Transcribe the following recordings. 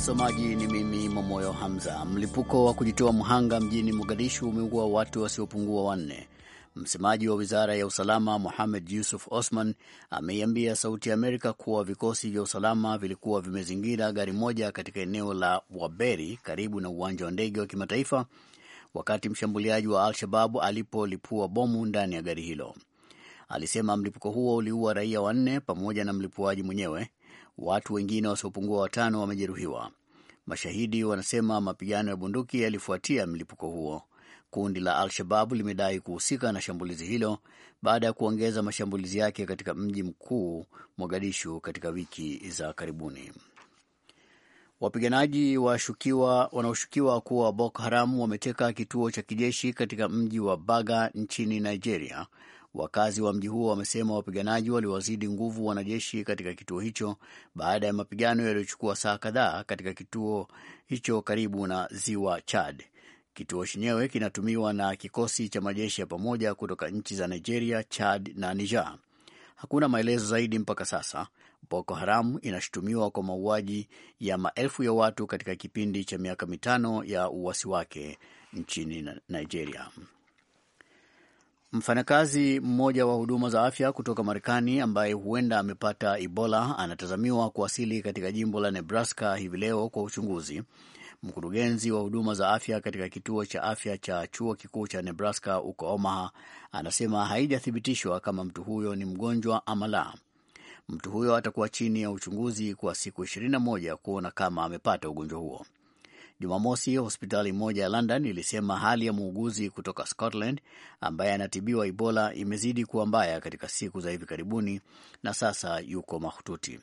Msomaji ni mimi Momoyo Hamza. Mlipuko wa kujitoa mhanga mjini Mogadishu umeua watu wasiopungua wanne. Msemaji wa wizara ya usalama muhamed Yusuf Osman ameiambia Sauti ya Amerika kuwa vikosi vya usalama vilikuwa vimezingira gari moja katika eneo la Waberi karibu na uwanja wa ndege wa kimataifa wakati mshambuliaji wa Al-Shababu alipolipua bomu ndani ya gari hilo. Alisema mlipuko huo uliua raia wanne pamoja na mlipuaji mwenyewe Watu wengine wasiopungua watano wamejeruhiwa. Mashahidi wanasema mapigano ya bunduki yalifuatia mlipuko huo. Kundi la Al-Shababu limedai kuhusika na shambulizi hilo baada ya kuongeza mashambulizi yake katika mji mkuu Mogadishu katika wiki za karibuni. Wapiganaji washukiwa wanaoshukiwa kuwa Boko Haram wameteka kituo cha kijeshi katika mji wa Baga nchini Nigeria Wakazi wa mji huo wamesema wapiganaji waliwazidi nguvu wanajeshi katika kituo hicho baada ya mapigano yaliyochukua saa kadhaa katika kituo hicho karibu na ziwa Chad. Kituo chenyewe kinatumiwa na kikosi cha majeshi ya pamoja kutoka nchi za Nigeria, Chad na Niger. Hakuna maelezo zaidi mpaka sasa. Boko Haram inashutumiwa kwa mauaji ya maelfu ya watu katika kipindi cha miaka mitano ya uasi wake nchini Nigeria. Mfanyakazi mmoja wa huduma za afya kutoka Marekani ambaye huenda amepata Ebola anatazamiwa kuwasili katika jimbo la Nebraska hivi leo kwa uchunguzi. Mkurugenzi wa huduma za afya katika kituo cha afya cha chuo kikuu cha Nebraska huko Omaha anasema haijathibitishwa kama mtu huyo ni mgonjwa ama la. Mtu huyo atakuwa chini ya uchunguzi kwa siku 21 kuona kama amepata ugonjwa huo. Jumamosi, hospitali moja ya London ilisema hali ya muuguzi kutoka Scotland ambaye anatibiwa Ebola imezidi kuwa mbaya katika siku za hivi karibuni na sasa yuko mahututi.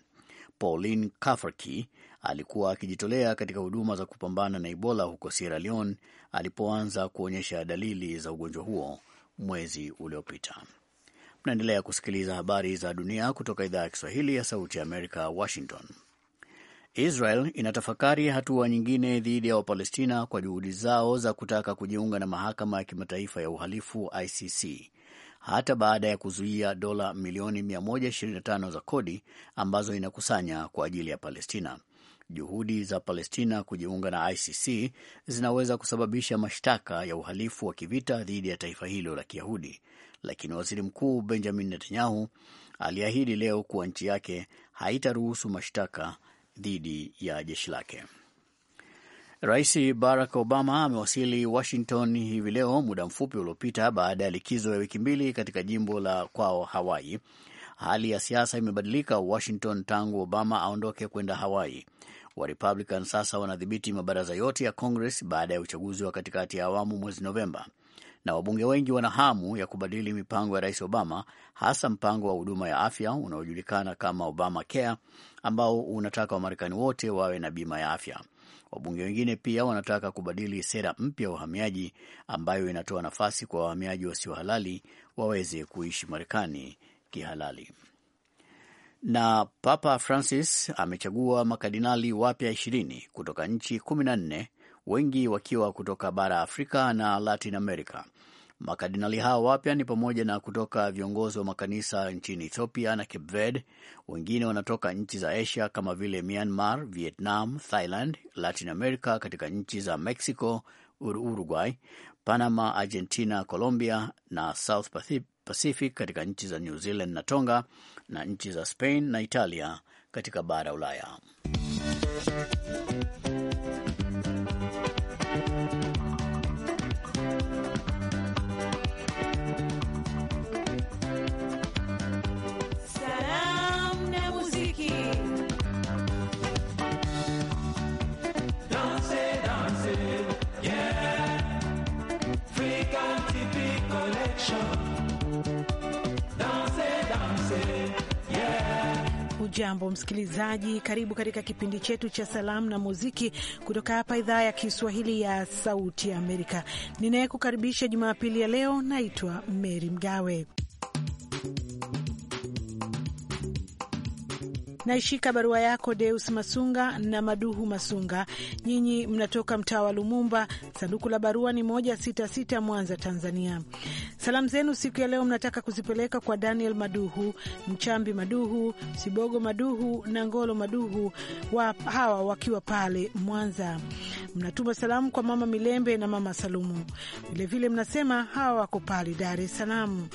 Pauline Kafarki alikuwa akijitolea katika huduma za kupambana na Ebola huko Sierra Leone alipoanza kuonyesha dalili za ugonjwa huo mwezi uliopita. Mnaendelea kusikiliza habari za dunia kutoka idhaa ya Kiswahili ya Sauti ya Amerika, Washington. Israel inatafakari hatua nyingine dhidi ya Wapalestina kwa juhudi zao za kutaka kujiunga na mahakama ya kimataifa ya uhalifu ICC hata baada ya kuzuia dola milioni 125 za kodi ambazo inakusanya kwa ajili ya Palestina. Juhudi za Palestina kujiunga na ICC zinaweza kusababisha mashtaka ya uhalifu wa kivita dhidi ya taifa hilo la Kiyahudi, lakini waziri mkuu Benjamin Netanyahu aliahidi leo kuwa nchi yake haitaruhusu mashtaka dhidi ya jeshi lake. Rais Barack Obama amewasili Washington hivi leo muda mfupi uliopita baada ya likizo ya wiki mbili katika jimbo la kwao Hawaii. Hali ya siasa imebadilika Washington tangu Obama aondoke kwenda Hawaii. Warepublican sasa wanadhibiti mabaraza yote ya Congress baada ya uchaguzi wa katikati ya awamu mwezi Novemba na wabunge wengi wana hamu ya kubadili mipango ya Rais Obama, hasa mpango wa huduma ya afya unaojulikana kama Obama Care ambao unataka Wamarekani wote wawe na bima ya afya. Wabunge wengine pia wanataka kubadili sera mpya ya uhamiaji ambayo inatoa nafasi kwa wahamiaji wasio halali waweze kuishi Marekani kihalali. Na Papa Francis amechagua makardinali wapya ishirini kutoka nchi kumi na nne, wengi wakiwa kutoka bara Afrika na Latin America Makardinali hao wapya ni pamoja na kutoka viongozi wa makanisa nchini Ethiopia na Cape Verde. Wengine wanatoka nchi za Asia kama vile Myanmar, Vietnam, Thailand, Latin America, katika nchi za Mexico, Uruguay, Panama, Argentina, Colombia na South Pacific katika nchi za New Zealand na Tonga, na nchi za Spain na Italia katika bara Ulaya. Hujambo msikilizaji, karibu katika kipindi chetu cha salamu na muziki kutoka hapa idhaa ya Kiswahili ya Sauti ya Amerika. Ninayekukaribisha Jumapili ya leo naitwa Meri Mgawe. Naishika barua yako Deus Masunga na Maduhu Masunga, nyinyi mnatoka mtaa wa Lumumba. Sanduku la barua ni moja sita sita, Mwanza, Tanzania. Salamu zenu siku ya leo mnataka kuzipeleka kwa Daniel Maduhu, Mchambi Maduhu, Sibogo Maduhu na Ngolo Maduhu wa, hawa wakiwa pale Mwanza mnatuma salamu kwa mama Milembe na mama Salumu. Vilevile mnasema hawa wako pale Dar es Salaam.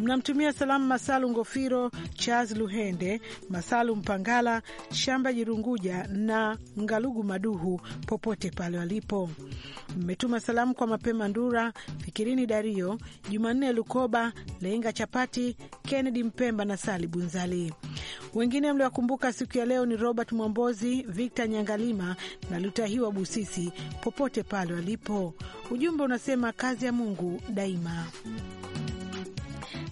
Mnamtumia salamu Masalu Ngofiro, Charles Luhende, Masalu Mpangala, Shamba Jirunguja na Ngalugu Maduhu popote pale walipo mmetuma salamu kwa Mapema Ndura, Fikirini Dario, Jumanne Lukoba, Leinga Chapati, Kennedy Mpemba na Sali Bunzali. Wengine mliwakumbuka siku ya leo ni Robert Mwambozi, Victor Nyangalima na Lutahiwa Busisi, popote pale walipo. Ujumbe unasema kazi ya Mungu daima.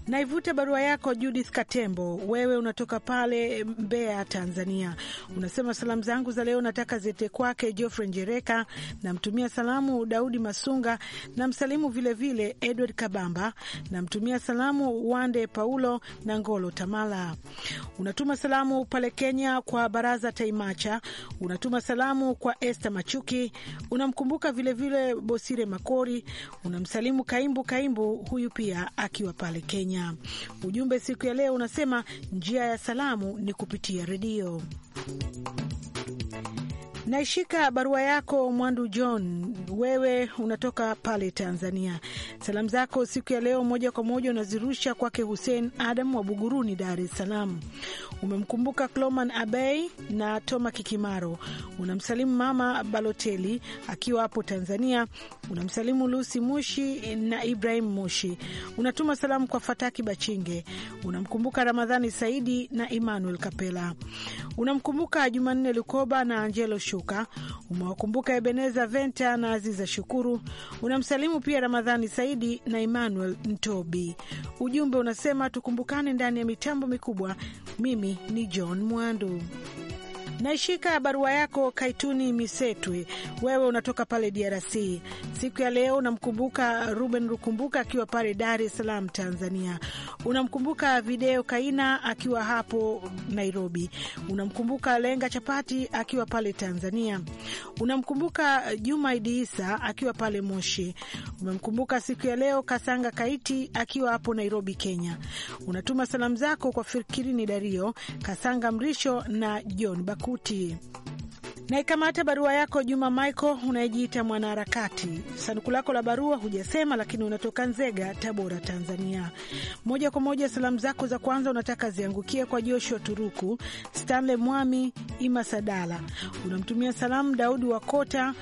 Naivuta barua yako Judith Katembo, wewe unatoka pale Mbeya, Tanzania. Unasema salamu zangu za leo nataka zete kwake jofrey Njereka, namtumia salamu Daudi Masunga na msalimu vilevile Edward Kabamba, namtumia salamu Wande Paulo na Ngolo Tamala. Unatuma salamu pale Kenya kwa Baraza Taimacha, unatuma salamu kwa Esther Machuki, unamkumbuka vilevile Bosire Makori, unamsalimu Kaimbu Kaimbu, huyu pia akiwa pale Kenya. Kenya. Ujumbe siku ya leo unasema njia ya salamu ni kupitia redio. Naishika barua yako Mwandu John, wewe unatoka pale Tanzania. Salamu zako siku ya leo moja kwa moja unazirusha kwake Hussein Adam wa Buguruni, Dar es Salaam. Umemkumbuka Cloman Abey na Toma Kikimaro. Unamsalimu Mama Baloteli akiwa hapo Tanzania. Unamsalimu Lusi Mushi na Ibrahim Mushi. Unatuma salamu kwa Fataki Bachinge. Unamkumbuka Ramadhani Saidi na Emmanuel Kapela. Unamkumbuka Jumanne Lukoba na Angelo Shu kushuka. umewakumbuka Ebeneza Venta na Aziza Shukuru, unamsalimu pia Ramadhani Saidi na Emmanuel Ntobi. Ujumbe unasema tukumbukane ndani ya mitambo mikubwa. Mimi ni John Mwandu. Naishika barua yako Kaituni Misetwe, wewe unatoka pale DRC. Siku ya leo unamkumbuka Ruben Rukumbuka akiwa pale Dar es Salaam, Tanzania. Unamkumbuka Video Kaina akiwa hapo Nairobi. Unamkumbuka Lenga Chapati akiwa pale Tanzania. Unamkumbuka Juma Idiisa akiwa pale Moshi. Umemkumbuka siku ya leo Kasanga Kaiti akiwa hapo Nairobi, Kenya. Unatuma salamu zako kwa Fikirini Dario Kasanga Mrisho na John kuti. Naikamata barua yako Juma Michael, unayejiita mwanaharakati. Sanduku lako la barua hujasema, lakini unatoka Nzega, Tabora, Tanzania. Moja kwa moja, salamu zako za kwanza unataka ziangukie kwa Joshua Turuku, Stanley Mwami, Ima Sadala. Unamtumia salamu Daudi Wakota,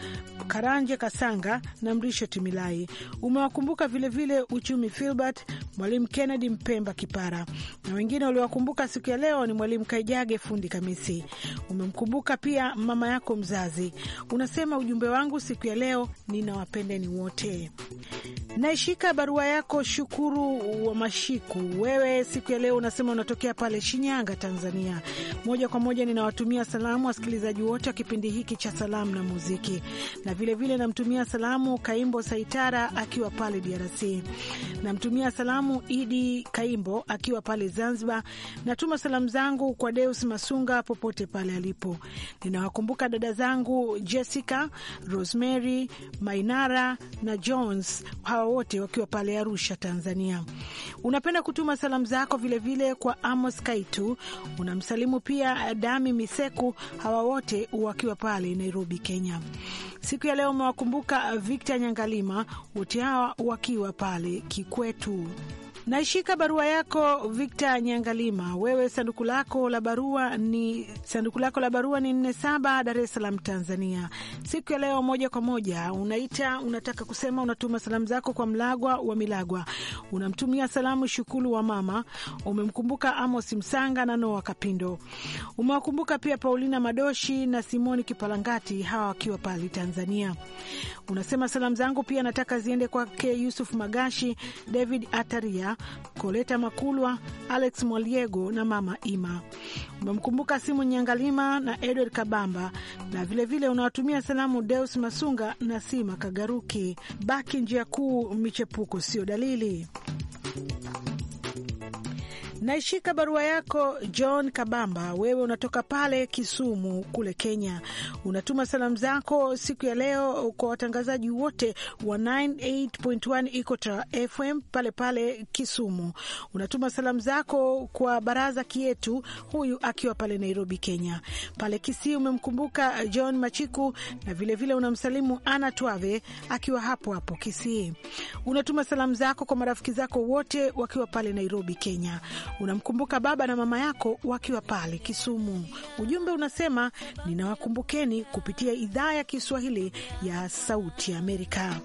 Karanje Kasanga na Mrisho Timilai. Umewakumbuka vilevile Uchumi Filbert, mwalimu Kennedy Mpemba Kipara, na wengine waliowakumbuka siku ya leo ni mwalimu Kaijage Fundi Kamisi. Umemkumbuka pia mama yako mzazi. Unasema ujumbe wangu siku ya leo, ninawapendeni wote. Naishika barua yako Shukuru wa Mashiku. Wewe siku ya leo unasema unatokea pale Shinyanga, Tanzania. Moja kwa moja ninawatumia salamu wasikilizaji wote wa kipindi hiki cha salamu na muziki, na vilevile namtumia salamu Kaimbo Saitara akiwa pale DRC. Namtumia salamu salamu Idi Kaimbo akiwa pale Zanzibar. Natuma salamu zangu kwa Deus Masunga popote pale alipo. Ninawakumbuka dada zangu Jessica, Rosemary, Mainara na Jones, hawa wote wakiwa pale Arusha, Tanzania. Unapenda kutuma salamu zako vilevile vile kwa Amos Kaitu, unamsalimu pia Dami Miseku, hawa wote wakiwa pale Nairobi, Kenya. Siku ya leo umewakumbuka Victor Nyangalima, wote hawa wakiwa pale Kikwetu. Naishika barua yako Victor Nyangalima, wewe sanduku lako la barua ni sanduku lako la barua ni saba, Dar es Salaam, Tanzania. Siku ya leo moja kwa moja unaita, unataka kusema, unatuma salamu zako kwa Mlagwa wa Milagwa, unamtumia salamu Shukulu wa mama, umemkumbuka Amos Msanga na Noa Kapindo, umewakumbuka pia Paulina Madoshi na Simoni Kipalangati, hawa wakiwa pale Tanzania. Unasema salamu zangu pia nataka ziende kwake Yusuf Magashi, David Ataria Koleta Makulwa, Alex Mwaliego na Mama Ima. Umemkumbuka Simu Nyangalima na Edward Kabamba, na vilevile unawatumia salamu Deus Masunga na Sima Kagaruki. Baki njia kuu, michepuko sio dalili. Naishika barua yako John Kabamba, wewe unatoka pale Kisumu kule Kenya. Unatuma salamu zako siku ya leo kwa watangazaji wote wa 98.1 Ikota FM pale pale Kisumu. Unatuma salamu zako kwa baraza kietu, huyu akiwa pale Nairobi, Kenya. Pale Kisii umemkumbuka John Machiku na vilevile vile unamsalimu Ana Twave akiwa hapo hapo Kisii. Unatuma salamu zako kwa marafiki zako wote wakiwa pale Nairobi, Kenya unamkumbuka baba na mama yako wakiwa pale Kisumu. Ujumbe unasema ninawakumbukeni kupitia idhaa ya Kiswahili ya Sauti ya Amerika.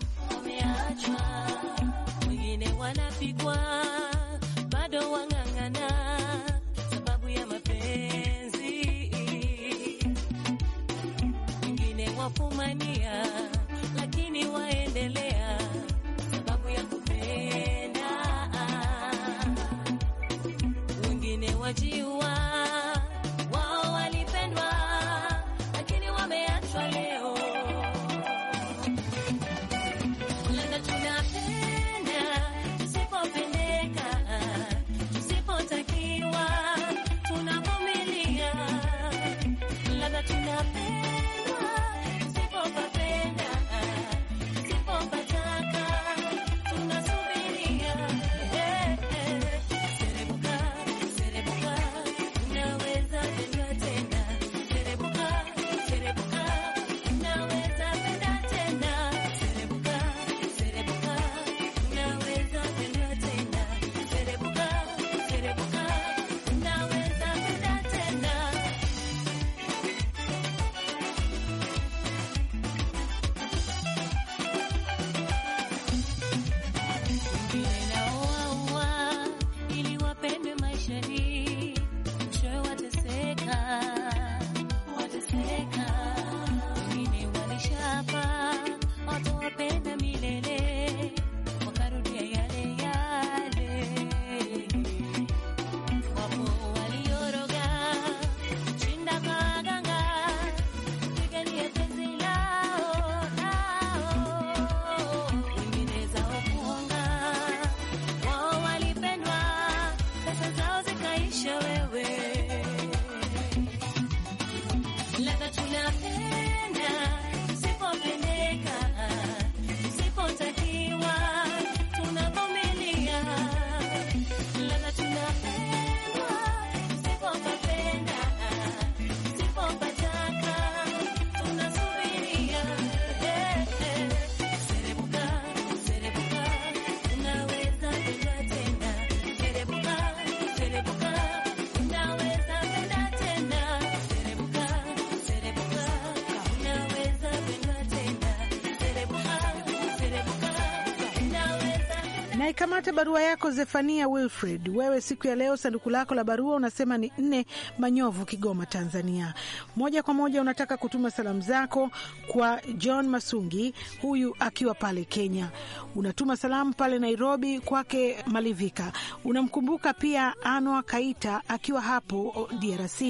Naikamata barua yako Zefania Wilfred, wewe siku ya leo sanduku lako la barua unasema ni nne Manyovu, Kigoma, Tanzania moja kwa moja unataka kutuma salamu zako kwa John Masungi, huyu akiwa pale Kenya. Unatuma salamu pale Nairobi kwake Malivika, unamkumbuka pia Anwa Kaita akiwa hapo DRC.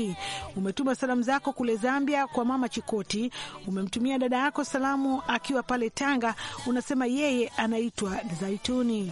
Umetuma salamu zako kule Zambia kwa mama Chikoti, umemtumia dada yako salamu akiwa pale Tanga, unasema yeye anaitwa Zaituni.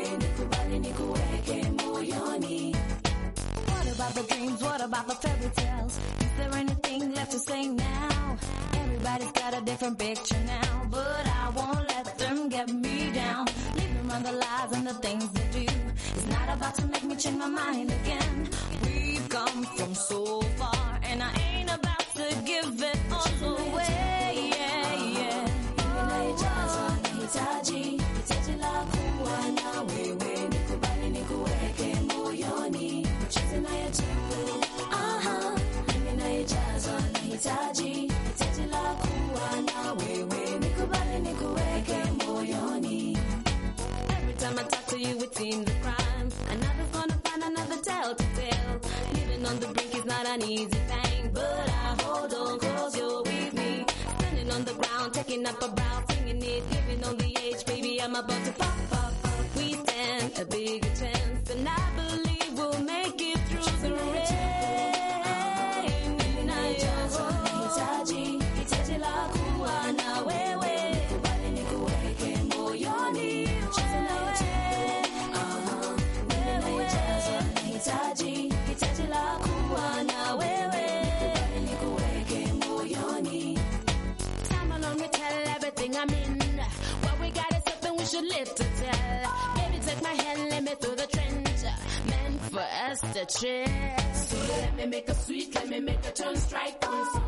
about the dreams? What about the fairy tales? Is there anything left to say now? Everybody's got a different picture now, but I won't let them get me down. Leave them on the lies and the things they do. It's not about to make me change my mind again. We've come from so far, and I ain't about to give it seen the crime. Another gonna find another tale to tell. Living on the brink is not an easy thing, but I hold on cause you're with me. Standing on the ground, taking up a brow, singing it, living on the edge, baby, I'm about to pop, pop, pop. We stand a bigger chance. a trip. So let me make a sweet, let me make a turn strike. Ooh.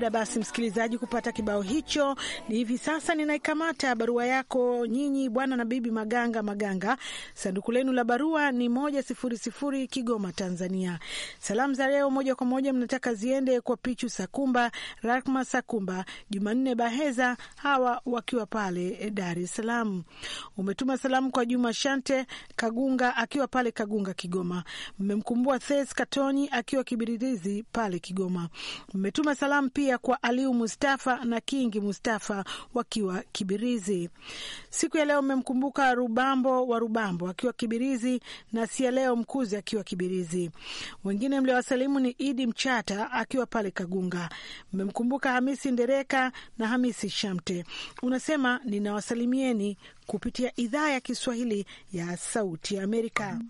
Baada basi, msikilizaji, kupata kibao hicho, ni hivi sasa ninaikamata barua yako nyinyi, bwana na bibi Maganga Maganga. Sanduku lenu la barua ni moja sifuri sifuri, Kigoma, Tanzania. Salamu za leo moja kwa moja mnataka ziende kwa Pichu Sakumba, Rakma Sakumba, Jumanne Baheza, hawa wakiwa pale Dar es Salaam. Umetuma salamu kwa Juma Shante Kagunga akiwa pale Kagunga, Kigoma. Mmemkumbua Thes Katoni akiwa Kibiririzi pale Kigoma. Mmetuma salamu pia kulia kwa Aliu Mustafa na Kingi Mustafa wakiwa Kibirizi. Siku ya leo mmemkumbuka Rubambo wa Rubambo akiwa Kibirizi na Sia Leo Mkuzi akiwa Kibirizi. Wengine mliowasalimu ni Idi Mchata akiwa pale Kagunga. Mmemkumbuka Hamisi Ndereka na Hamisi Shamte. Unasema ninawasalimieni kupitia idhaa ya Kiswahili ya Sauti ya Amerika.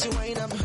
to ain't up.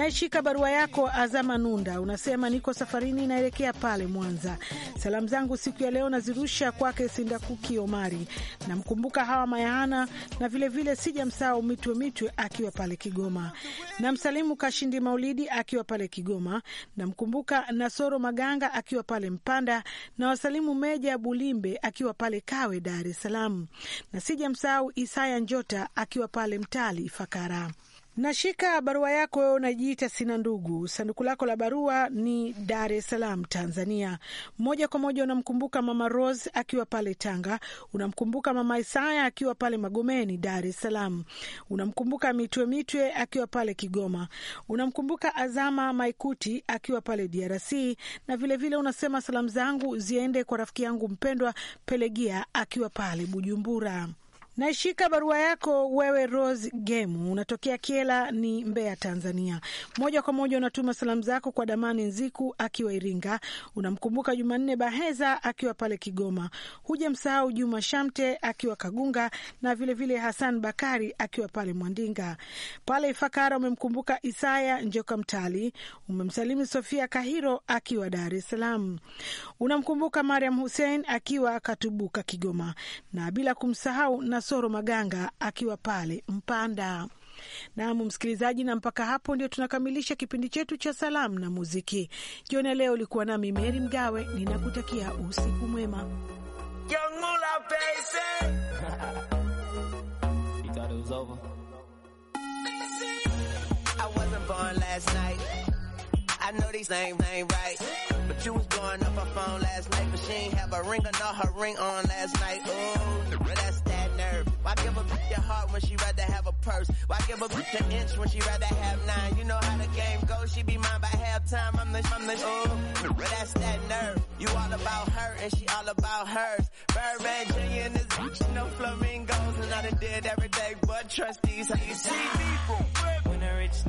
Naishika barua yako Azama Nunda, unasema niko safarini, naelekea pale Mwanza. Salamu zangu siku ya leo nazirusha kwake Sindakuki Omari, namkumbuka Hawa Mayahana na vilevile sijamsahau Mitwe Mitwe akiwa pale Kigoma, namsalimu Kashindi Maulidi akiwa pale Kigoma, namkumbuka Nasoro Maganga akiwa pale Mpanda na wasalimu Meja Bulimbe akiwa pale Kawe, Dar es Salaam, na sijamsahau Isaya Njota akiwa pale Mtali Fakara. Nashika barua yako wewe, unajiita sina ndugu. Sanduku lako la barua ni Dar es Salaam, Tanzania. Moja kwa moja unamkumbuka Mama Rose akiwa pale Tanga, unamkumbuka Mama Isaya akiwa pale Magomeni, Dar es Salaam, unamkumbuka Mitwe Mitwe akiwa pale Kigoma, unamkumbuka Azama Maikuti akiwa pale DRC na vilevile vile unasema salamu zangu ziende kwa rafiki yangu mpendwa Pelegia akiwa pale Bujumbura. Naishika barua yako wewe, Rose Gemu, unatokea Kiela ni Mbeya, Tanzania. Moja kwa moja unatuma salamu zako kwa Damani Nziku akiwa Iringa, unamkumbuka Jumanne Baheza akiwa pale Kigoma, msahau Juma Shamte akiwa Kagunga na vilevile vile Hasan Bakari akiwa pale Mwandinga. Pale Ifakara umemkumbuka Isaya Njoka Mtali, umemsalimu Sofia Kahiro akiwa Dar es Salaam, unamkumbuka Mariam Hussein akiwa Katubuka Kigoma, na bila kumsahau na Kasoro Maganga akiwa pale Mpanda. Nam msikilizaji, na mpaka hapo ndio tunakamilisha kipindi chetu cha salamu na muziki jioni ya leo. Ulikuwa nami Meri Mgawe, ninakutakia usiku mwema. Why give a bitch your heart when she rather have a purse? Why give a bitch an inch when she rather have nine? You know how the game goes, she be mine by halftime. I'm the, I'm the, ooh, that's that nerve. You all about her and she all about hers. Birdman Jr. and this bitch, no flamingos. And I done did every day. but trustees. How you see people from When a rich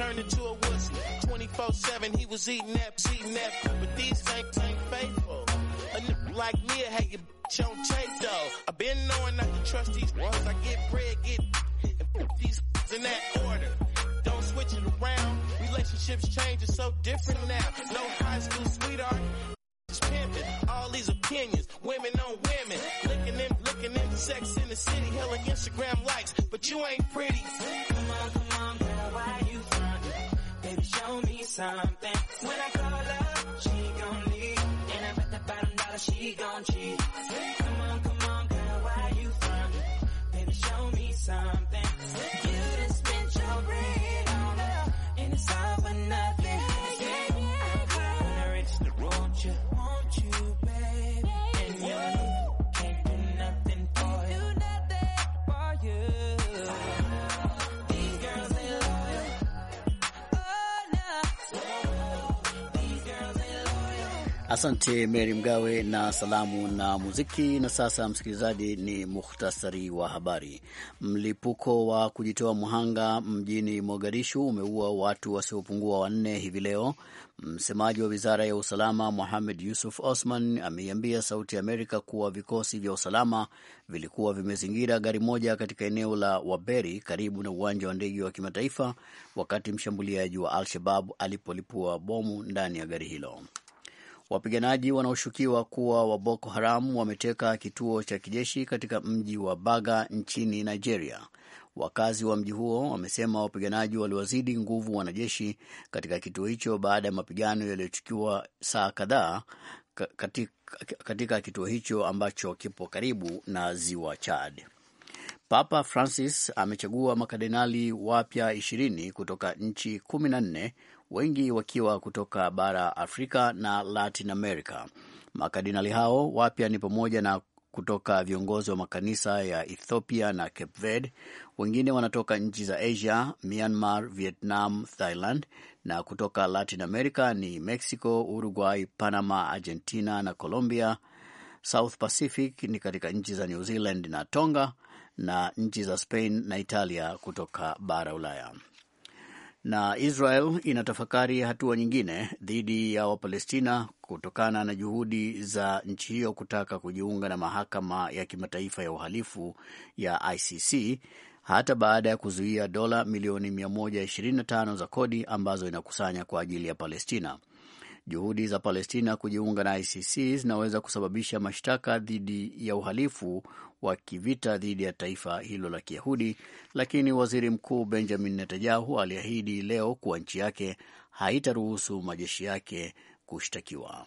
turned into a wussy. 24-7, he was eating that, eating that. But these things ain't faithful. like me, I hate your bitch on tape though. I been knowing not to trust these ones. I get bread, get and these in that order. Don't switch it around. Relationships change, it's so different now. No high school sweetheart. Just pimping. All these opinions, women on women. looking in, looking in. sex in the city. Hella Instagram likes, but you ain't pretty. Come on, come on, girl, why show me something. When I call her, she gon' leave. And I bet the bottom dollar she gon' cheat. Come on, come on, girl, why you frontin'? Baby, show me something. Asante Mary Mgawe na salamu na muziki. Na sasa, msikilizaji, ni muhtasari wa habari. Mlipuko wa kujitoa mhanga mjini Mogadishu umeua watu wasiopungua wanne hivi leo. Msemaji wa wizara ya usalama Mohamed Yusuf Osman ameiambia Sauti ya Amerika kuwa vikosi vya usalama vilikuwa vimezingira gari moja katika eneo la Waberi karibu na uwanja wa ndege wa kimataifa wakati mshambuliaji wa Al-Shabab alipolipua bomu ndani ya gari hilo. Wapiganaji wanaoshukiwa kuwa wa Boko Haram wameteka kituo cha kijeshi katika mji wa Baga nchini Nigeria. Wakazi wa mji huo wamesema wapiganaji waliwazidi nguvu wanajeshi katika kituo hicho baada ya mapigano yaliyochukua saa kadhaa katika, katika kituo hicho ambacho kipo karibu na ziwa Chad. Papa Francis amechagua makardinali wapya ishirini kutoka nchi kumi na nne wengi wakiwa kutoka bara Afrika na Latin America. makadinali hao wapya ni pamoja na kutoka viongozi wa makanisa ya Ethiopia na Cape Verde. Wengine wanatoka nchi za Asia, Myanmar, Vietnam, Thailand, na kutoka Latin America ni Mexico, Uruguay, Panama, Argentina na Colombia. South Pacific ni katika nchi za New Zealand na Tonga, na nchi za Spain na Italia kutoka bara Ulaya na Israel inatafakari hatua nyingine dhidi ya Wapalestina kutokana na juhudi za nchi hiyo kutaka kujiunga na mahakama ya kimataifa ya uhalifu ya ICC hata baada ya kuzuia dola milioni 125 za kodi ambazo inakusanya kwa ajili ya Palestina. Juhudi za Palestina kujiunga na ICC zinaweza kusababisha mashtaka dhidi ya uhalifu wa kivita dhidi ya taifa hilo la Kiyahudi, lakini waziri mkuu Benjamin Netanyahu aliahidi leo kuwa nchi yake haitaruhusu majeshi yake kushtakiwa.